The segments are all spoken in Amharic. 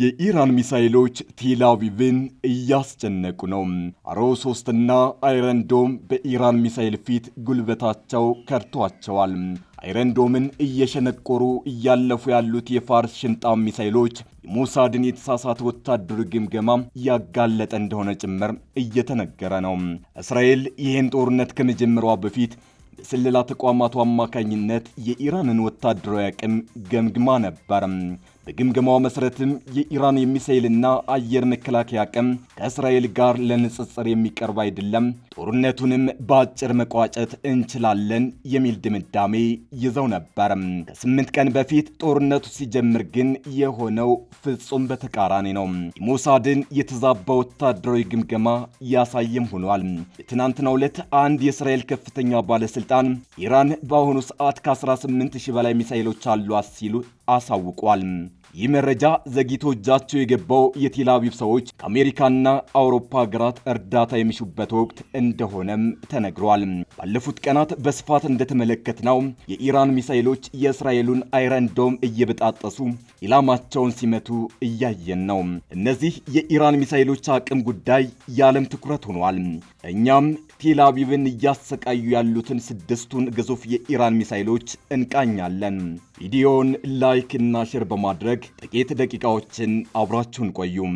የኢራን ሚሳይሎች ቴላቪቭን እያስጨነቁ ነው። አሮ ሶስትና አይረንዶም በኢራን ሚሳይል ፊት ጉልበታቸው ከርቷቸዋል። አይረንዶምን እየሸነቆሩ እያለፉ ያሉት የፋርስ ሽንጣ ሚሳይሎች የሞሳድን የተሳሳተ ወታደራዊ ግምገማ ያጋለጠ እንደሆነ ጭምር እየተነገረ ነው። እስራኤል ይህን ጦርነት ከመጀመሯ በፊት በስለላ ተቋማቱ አማካኝነት የኢራንን ወታደራዊ አቅም ገምግማ ነበር። በግምገማው መሰረትም የኢራን የሚሳይልና አየር መከላከያ አቅም ከእስራኤል ጋር ለንጽጽር የሚቀርብ አይደለም፣ ጦርነቱንም በአጭር መቋጨት እንችላለን የሚል ድምዳሜ ይዘው ነበር። ከስምንት ቀን በፊት ጦርነቱ ሲጀምር ግን የሆነው ፍጹም በተቃራኒ ነው። የሞሳድን የተዛባ ወታደራዊ ግምገማ ያሳየም ሆኗል። በትናንትናው ዕለት አንድ የእስራኤል ከፍተኛ ባለስልጣን ኢራን በአሁኑ ሰዓት ከ18 ሺህ በላይ ሚሳይሎች አሏት ሲሉ አሳውቋል። ይህ መረጃ ዘግይቶ እጃቸው የገባው የቴላቪቭ ሰዎች ከአሜሪካና አውሮፓ ሀገራት እርዳታ የሚሹበት ወቅት እንደሆነም ተነግሯል። ባለፉት ቀናት በስፋት እንደተመለከትነው የኢራን ሚሳይሎች የእስራኤሉን አይረን ዶም እየበጣጠሱ ኢላማቸውን ሲመቱ እያየን ነው። እነዚህ የኢራን ሚሳይሎች አቅም ጉዳይ የዓለም ትኩረት ሆኗል። እኛም ቴላቪቭን እያሰቃዩ ያሉትን ስድስቱን ግዙፍ የኢራን ሚሳይሎች እንቃኛለን። ቪዲዮን ላይክ እና ሼር በማድረግ ጥቂት ደቂቃዎችን አብራችሁን ቆዩም።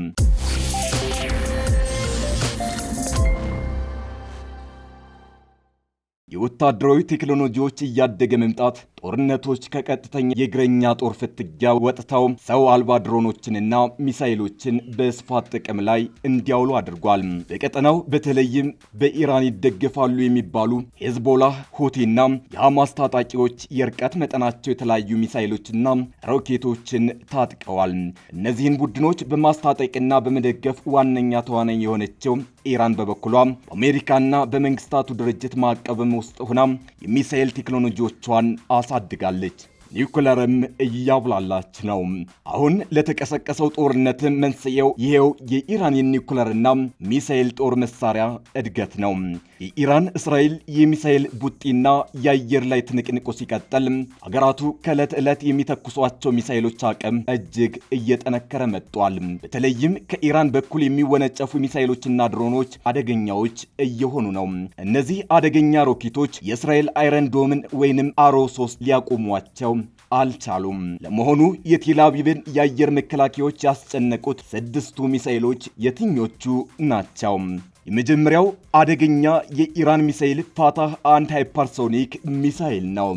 የወታደራዊ ቴክኖሎጂዎች እያደገ መምጣት ጦርነቶች ከቀጥተኛ የእግረኛ ጦር ፍትጊያ ወጥተው ሰው አልባ ድሮኖችንና ሚሳይሎችን በስፋት ጥቅም ላይ እንዲያውሉ አድርጓል። በቀጠናው በተለይም በኢራን ይደገፋሉ የሚባሉ ሄዝቦላ፣ ሁቲና የሐማስ ታጣቂዎች የርቀት መጠናቸው የተለያዩ ሚሳይሎችና ሮኬቶችን ታጥቀዋል። እነዚህን ቡድኖች በማስታጠቅና በመደገፍ ዋነኛ ተዋናኝ የሆነችው ኢራን በበኩሏ በአሜሪካና በመንግስታቱ ድርጅት ማዕቀብም ውስጥ ሆና የሚሳኤል ቴክኖሎጂዎቿን አስ ታሳድጋለች። ኒውክለርም እያብላላች ነው። አሁን ለተቀሰቀሰው ጦርነት መንስኤው ይሄው የኢራን የኒውክለርና ሚሳኤል ጦር መሳሪያ እድገት ነው። የኢራን እስራኤል የሚሳኤል ቡጢና የአየር ላይ ትንቅንቁ ሲቀጥል ሀገራቱ ከዕለት ዕለት የሚተኩሷቸው ሚሳኤሎች አቅም እጅግ እየጠነከረ መጥቷል። በተለይም ከኢራን በኩል የሚወነጨፉ ሚሳኤሎችና ድሮኖች አደገኛዎች እየሆኑ ነው። እነዚህ አደገኛ ሮኬቶች የእስራኤል አይረን ዶምን ወይንም አሮ ሶስት ሊያቆሟቸው አልቻሉም። ለመሆኑ የቴል አቪቭን የአየር መከላከያዎች ያስጨነቁት ስድስቱ ሚሳኤሎች የትኞቹ ናቸው? የመጀመሪያው አደገኛ የኢራን ሚሳኤል ፋታህ አንድ ሃይፐርሶኒክ ሚሳኤል ነው።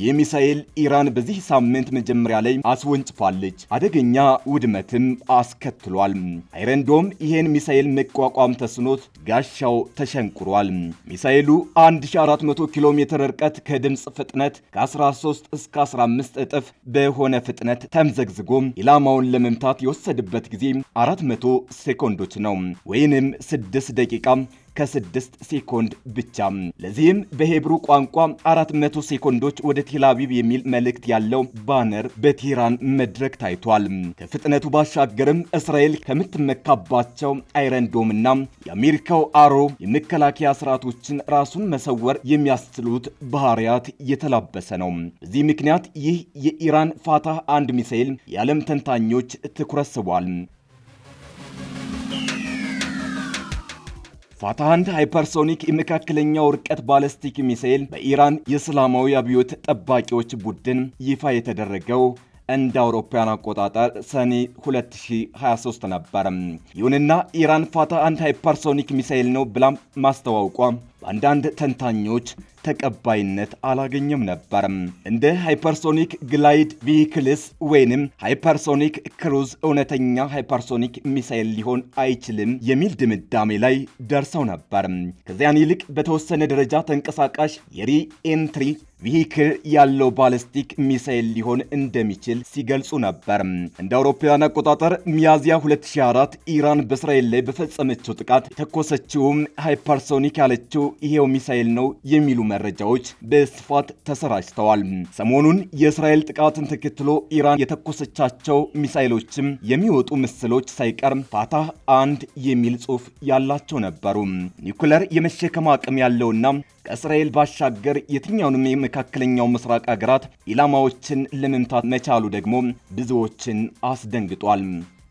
ይህ ሚሳኤል ኢራን በዚህ ሳምንት መጀመሪያ ላይ አስወንጭፋለች። አደገኛ ውድመትም አስከትሏል። አይረንዶም ይሄን ሚሳኤል መቋቋም ተስኖት ጋሻው ተሸንቁሯል። ሚሳኤሉ 1400 ኪሎ ሜትር ርቀት ከድምፅ ፍጥነት ከ13 እስከ 15 እጥፍ በሆነ ፍጥነት ተምዘግዝጎም ኢላማውን ለመምታት የወሰደበት ጊዜ 400 ሴኮንዶች ነው ወይንም 6 ደቂቃ ደቂቃ ከስድስት ሴኮንድ ብቻ። ለዚህም በሄብሩ ቋንቋ 400 ሴኮንዶች ወደ ቴላቪቭ የሚል መልእክት ያለው ባነር በቴህራን መድረክ ታይቷል። ከፍጥነቱ ባሻገርም እስራኤል ከምትመካባቸው አይረንዶም ና የአሜሪካው አሮ የመከላከያ ስርዓቶችን ራሱን መሰወር የሚያስችሉት ባህሪያት የተላበሰ ነው። በዚህ ምክንያት ይህ የኢራን ፋታህ አንድ ሚሳኤል የዓለም ተንታኞች ትኩረት ስቧል። አንድ ሃይፐርሶኒክ የመካከለኛው ርቀት ባለስቲክ ሚሳኤል በኢራን የእስላማዊ አብዮት ጠባቂዎች ቡድን ይፋ የተደረገው እንደ አውሮፓውያን አቆጣጠር ሰኔ 2023 ነበር። ይሁንና ኢራን አንድ ሃይፐርሶኒክ ሚሳኤል ነው ብላም ማስተዋውቋ በአንዳንድ ተንታኞች ተቀባይነት አላገኘም ነበር። እንደ ሃይፐርሶኒክ ግላይድ ቪሂክልስ ወይንም ሃይፐርሶኒክ ክሩዝ እውነተኛ ሃይፐርሶኒክ ሚሳይል ሊሆን አይችልም የሚል ድምዳሜ ላይ ደርሰው ነበር። ከዚያን ይልቅ በተወሰነ ደረጃ ተንቀሳቃሽ የሪኤንትሪ ቪሂክል ያለው ባለስቲክ ሚሳይል ሊሆን እንደሚችል ሲገልጹ ነበር። እንደ አውሮፓውያን አቆጣጠር ሚያዝያ 2004 ኢራን በእስራኤል ላይ በፈጸመችው ጥቃት የተኮሰችውም ሃይፐርሶኒክ ያለችው ይሄው ሚሳኤል ነው የሚሉ መረጃዎች በስፋት ተሰራጭተዋል። ሰሞኑን የእስራኤል ጥቃትን ተከትሎ ኢራን የተኮሰቻቸው ሚሳኤሎችም የሚወጡ ምስሎች ሳይቀር ፋታህ አንድ የሚል ጽሑፍ ያላቸው ነበሩ። ኒኩለር የመሸከም አቅም ያለውና ከእስራኤል ባሻገር የትኛውንም የመካከለኛው ምስራቅ ሀገራት ኢላማዎችን ለመምታት መቻሉ ደግሞ ብዙዎችን አስደንግጧል።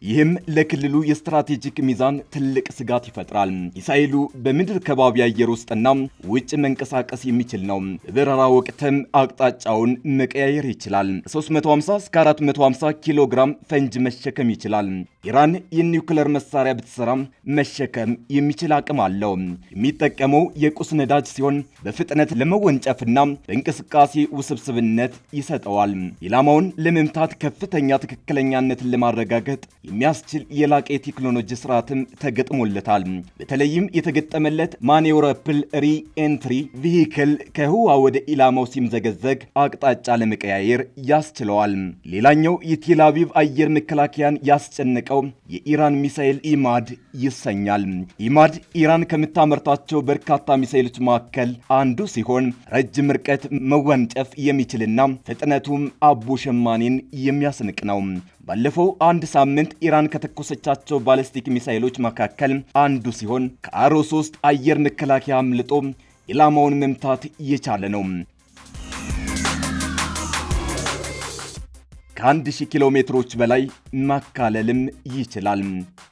ይህም ለክልሉ የስትራቴጂክ ሚዛን ትልቅ ስጋት ይፈጥራል። ሚሳኤሉ በምድር ከባቢ አየር ውስጥና ውጭ መንቀሳቀስ የሚችል ነው። በበረራ ወቅትም አቅጣጫውን መቀያየር ይችላል። 350 እስከ 450 ኪሎ ግራም ፈንጅ መሸከም ይችላል። ኢራን የኒውክለር መሳሪያ ብትሰራም መሸከም የሚችል አቅም አለው። የሚጠቀመው የቁስ ነዳጅ ሲሆን በፍጥነት ለመወንጨፍና በእንቅስቃሴ ውስብስብነት ይሰጠዋል። ኢላማውን ለመምታት ከፍተኛ ትክክለኛነትን ለማረጋገጥ የሚያስችል የላቀ የቴክኖሎጂ ስርዓትም ተገጥሞለታል። በተለይም የተገጠመለት ማኔውረፕል ሪ ኤንትሪ ቪሂክል ከህዋ ወደ ኢላማው ሲምዘገዘግ አቅጣጫ ለመቀያየር ያስችለዋል። ሌላኛው የቴላቪቭ አየር መከላከያን ያስጨነቀው የኢራን ሚሳኤል ኢማድ ይሰኛል። ኢማድ ኢራን ከምታመርታቸው በርካታ ሚሳኤሎች መካከል አንዱ ሲሆን ረጅም ርቀት መወንጨፍ የሚችልና ፍጥነቱም አቦ ሸማኔን የሚያስንቅ ነው። ባለፈው አንድ ሳምንት ኢራን ከተኮሰቻቸው ባለስቲክ ሚሳይሎች መካከል አንዱ ሲሆን ከአሮ 3 አየር መከላከያ አምልጦ ኢላማውን መምታት እየቻለ ነው። ከአንድ ሺህ ኪሎ ሜትሮች በላይ ማካለልም ይችላል።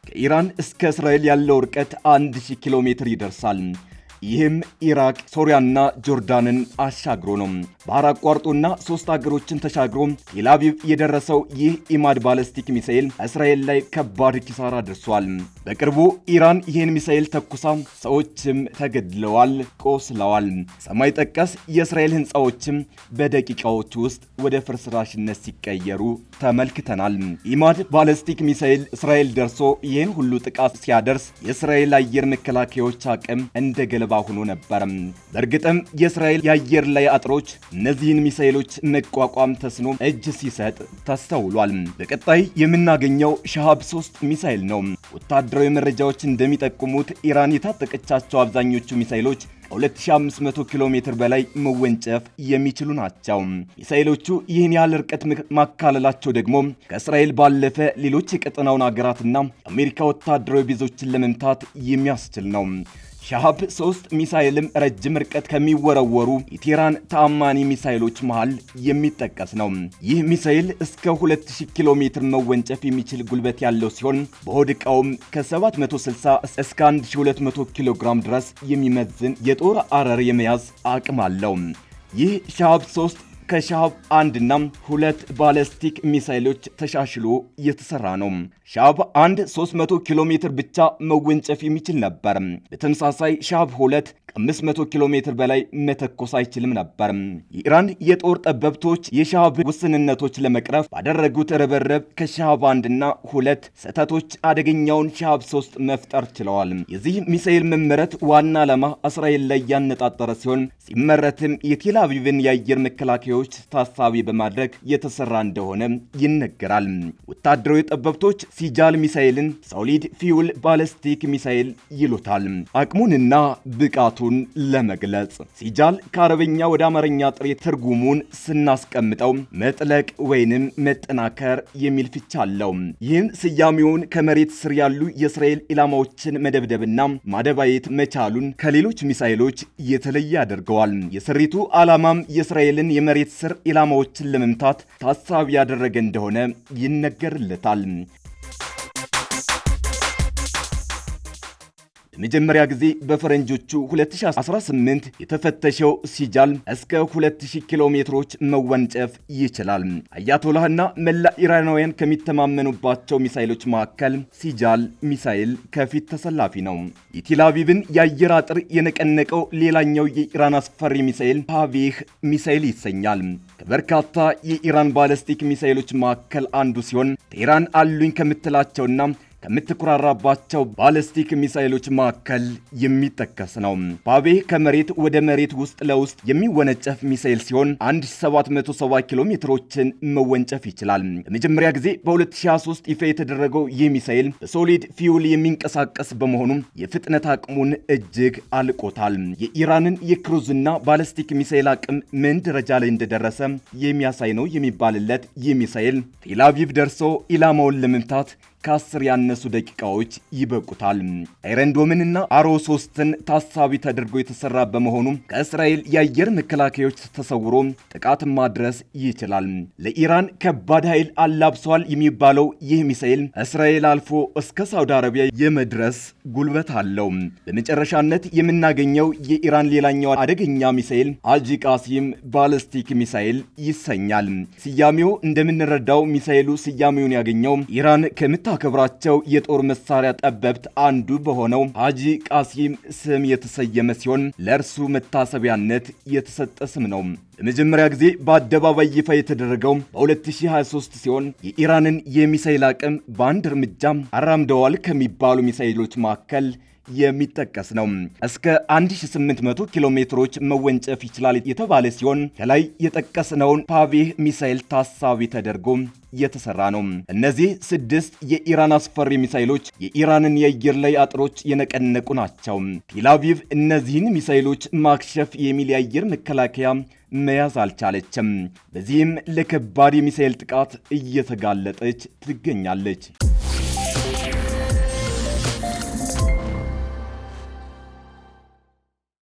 ከኢራን እስከ እስራኤል ያለው ርቀት አንድ ሺህ ኪሎ ሜትር ይደርሳል። ይህም ኢራቅ፣ ሶሪያና ጆርዳንን አሻግሮ ነው። ባህር አቋርጦና ሶስት አገሮችን ተሻግሮ ቴላቪቭ የደረሰው ይህ ኢማድ ባለስቲክ ሚሳኤል እስራኤል ላይ ከባድ ኪሳራ ደርሷል። በቅርቡ ኢራን ይህን ሚሳኤል ተኩሳ ሰዎችም ተገድለዋል፣ ቆስለዋል። ሰማይ ጠቀስ የእስራኤል ህንፃዎችም በደቂቃዎች ውስጥ ወደ ፍርስራሽነት ሲቀየሩ ተመልክተናል። ኢማድ ባለስቲክ ሚሳኤል እስራኤል ደርሶ ይህን ሁሉ ጥቃት ሲያደርስ የእስራኤል አየር መከላከያዎች አቅም እንደ ገለባ ሆኖ ነበር። በእርግጥም የእስራኤል የአየር ላይ አጥሮች እነዚህን ሚሳኤሎች መቋቋም ተስኖ እጅ ሲሰጥ ተስተውሏል። በቀጣይ የምናገኘው ሻሃብ ሶስት ሚሳኤል ነው። ወታደራዊ መረጃዎች እንደሚጠቁሙት ኢራን የታጠቀቻቸው አብዛኞቹ ሚሳኤሎች 2500 ኪሎ ሜትር በላይ መወንጨፍ የሚችሉ ናቸው። ሚሳኤሎቹ ይህን ያህል ርቀት ማካለላቸው ደግሞ ከእስራኤል ባለፈ ሌሎች የቀጠናውን አገራትና የአሜሪካ ወታደራዊ ቤዞችን ለመምታት የሚያስችል ነው። ሻሃብ ሶስት ሚሳኤልም ረጅም ርቀት ከሚወረወሩ የቴራን ተአማኒ ሚሳኤሎች መሃል የሚጠቀስ ነው። ይህ ሚሳኤል እስከ 2000 ኪሎ ሜትር መወንጨፍ የሚችል ጉልበት ያለው ሲሆን በሆድ ዕቃውም ከ760 እስከ 1200 ኪሎ ግራም ድረስ የሚመዝን የጦር አረር የመያዝ አቅም አለው። ይህ ሻብ 3 ከሻብ አንድና ሁለት ባለስቲክ ሚሳይሎች ተሻሽሎ የተሰራ ነው። ሻብ አንድ 300 ኪሎ ሜትር ብቻ መወንጨፍ የሚችል ነበር። በተመሳሳይ ሻብ ሁለት ከ500 ኪሎ ሜትር በላይ መተኮስ አይችልም ነበር። የኢራን የጦር ጠበብቶች የሻብ ውስንነቶች ለመቅረፍ ባደረጉት ርብርብ ከሻሃብ አንድና ሁለት ስህተቶች አደገኛውን ሻብ ሶስት መፍጠር ችለዋል። የዚህ ሚሳኤል መመረት ዋና ዓላማ እስራኤል ላይ ያነጣጠረ ሲሆን ሲመረትም የቴል አቪቭን የአየር መከላከያ ተዋጊዎች ታሳቢ በማድረግ የተሰራ እንደሆነ ይነገራል። ወታደራዊ ጠበብቶች ሲጃል ሚሳኤልን ሶሊድ ፊውል ባለስቲክ ሚሳኤል ይሉታል። አቅሙንና ብቃቱን ለመግለጽ ሲጃል ከአረብኛ ወደ አማርኛ ጥሬ ትርጉሙን ስናስቀምጠው መጥለቅ ወይንም መጠናከር የሚል ፍቻ አለው። ይህም ስያሜውን ከመሬት ስር ያሉ የእስራኤል ኢላማዎችን መደብደብና ማደባየት መቻሉን ከሌሎች ሚሳኤሎች የተለየ አድርገዋል። የስሪቱ ዓላማም የእስራኤልን የመሬት ቤት ስር ኢላማዎችን ለመምታት ታሳቢ ያደረገ እንደሆነ ይነገርለታል። ለመጀመሪያ ጊዜ በፈረንጆቹ 2018 የተፈተሸው ሲጃል እስከ 2000 ኪሎ ሜትሮች መወንጨፍ ይችላል። አያቶላህና መላ ኢራናውያን ከሚተማመኑባቸው ሚሳይሎች መካከል ሲጃል ሚሳይል ከፊት ተሰላፊ ነው። የቴላቪቭን የአየር አጥር የነቀነቀው ሌላኛው የኢራን አስፈሪ ሚሳይል ፓቬህ ሚሳይል ይሰኛል። ከበርካታ የኢራን ባለስቲክ ሚሳይሎች መካከል አንዱ ሲሆን ቴህራን አሉኝ ከምትላቸውና ከምትኮራራባቸው ባለስቲክ ሚሳይሎች መካከል የሚጠቀስ ነው። ባቤ ከመሬት ወደ መሬት ውስጥ ለውስጥ የሚወነጨፍ ሚሳይል ሲሆን 1770 ኪሎ ሜትሮችን መወንጨፍ ይችላል። ለመጀመሪያ ጊዜ በ2023 ይፋ የተደረገው ይህ ሚሳይል በሶሊድ ፊውል የሚንቀሳቀስ በመሆኑም የፍጥነት አቅሙን እጅግ አልቆታል። የኢራንን የክሩዝና ባለስቲክ ሚሳይል አቅም ምን ደረጃ ላይ እንደደረሰ የሚያሳይ ነው የሚባልለት ይህ ሚሳይል ቴላቪቭ ደርሶ ኢላማውን ለመምታት ከአስር ያነሱ ደቂቃዎች ይበቁታል። አይረንዶምንና አሮ ሶስትን ታሳቢ ተደርጎ የተሰራ በመሆኑ ከእስራኤል የአየር መከላከያዎች ተሰውሮ ጥቃት ማድረስ ይችላል። ለኢራን ከባድ ኃይል አላብሷል የሚባለው ይህ ሚሳኤል እስራኤል አልፎ እስከ ሳውዲ አረቢያ የመድረስ ጉልበት አለው። በመጨረሻነት የምናገኘው የኢራን ሌላኛው አደገኛ ሚሳኤል አጂ ቃሲም ባለስቲክ ሚሳኤል ይሰኛል። ስያሜው እንደምንረዳው ሚሳኤሉ ስያሜውን ያገኘው ኢራን ከምታ ከማከብራቸው የጦር መሳሪያ ጠበብት አንዱ በሆነው ሐጂ ቃሲም ስም የተሰየመ ሲሆን ለእርሱ መታሰቢያነት የተሰጠ ስም ነው። ለመጀመሪያ ጊዜ በአደባባይ ይፋ የተደረገው በ2023 ሲሆን የኢራንን የሚሳይል አቅም በአንድ እርምጃ አራምደዋል ከሚባሉ ሚሳይሎች መካከል የሚጠቀስ ነው። እስከ 1800 ኪሎ ሜትሮች መወንጨፍ ይችላል የተባለ ሲሆን ከላይ የጠቀስነውን ፓቬህ ሚሳይል ታሳቢ ተደርጎ የተሰራ ነው። እነዚህ ስድስት የኢራን አስፈሪ ሚሳይሎች የኢራንን የአየር ላይ አጥሮች የነቀነቁ ናቸው። ቴላቪቭ እነዚህን ሚሳይሎች ማክሸፍ የሚል የአየር መከላከያ መያዝ አልቻለችም። በዚህም ለከባድ የሚሳይል ጥቃት እየተጋለጠች ትገኛለች።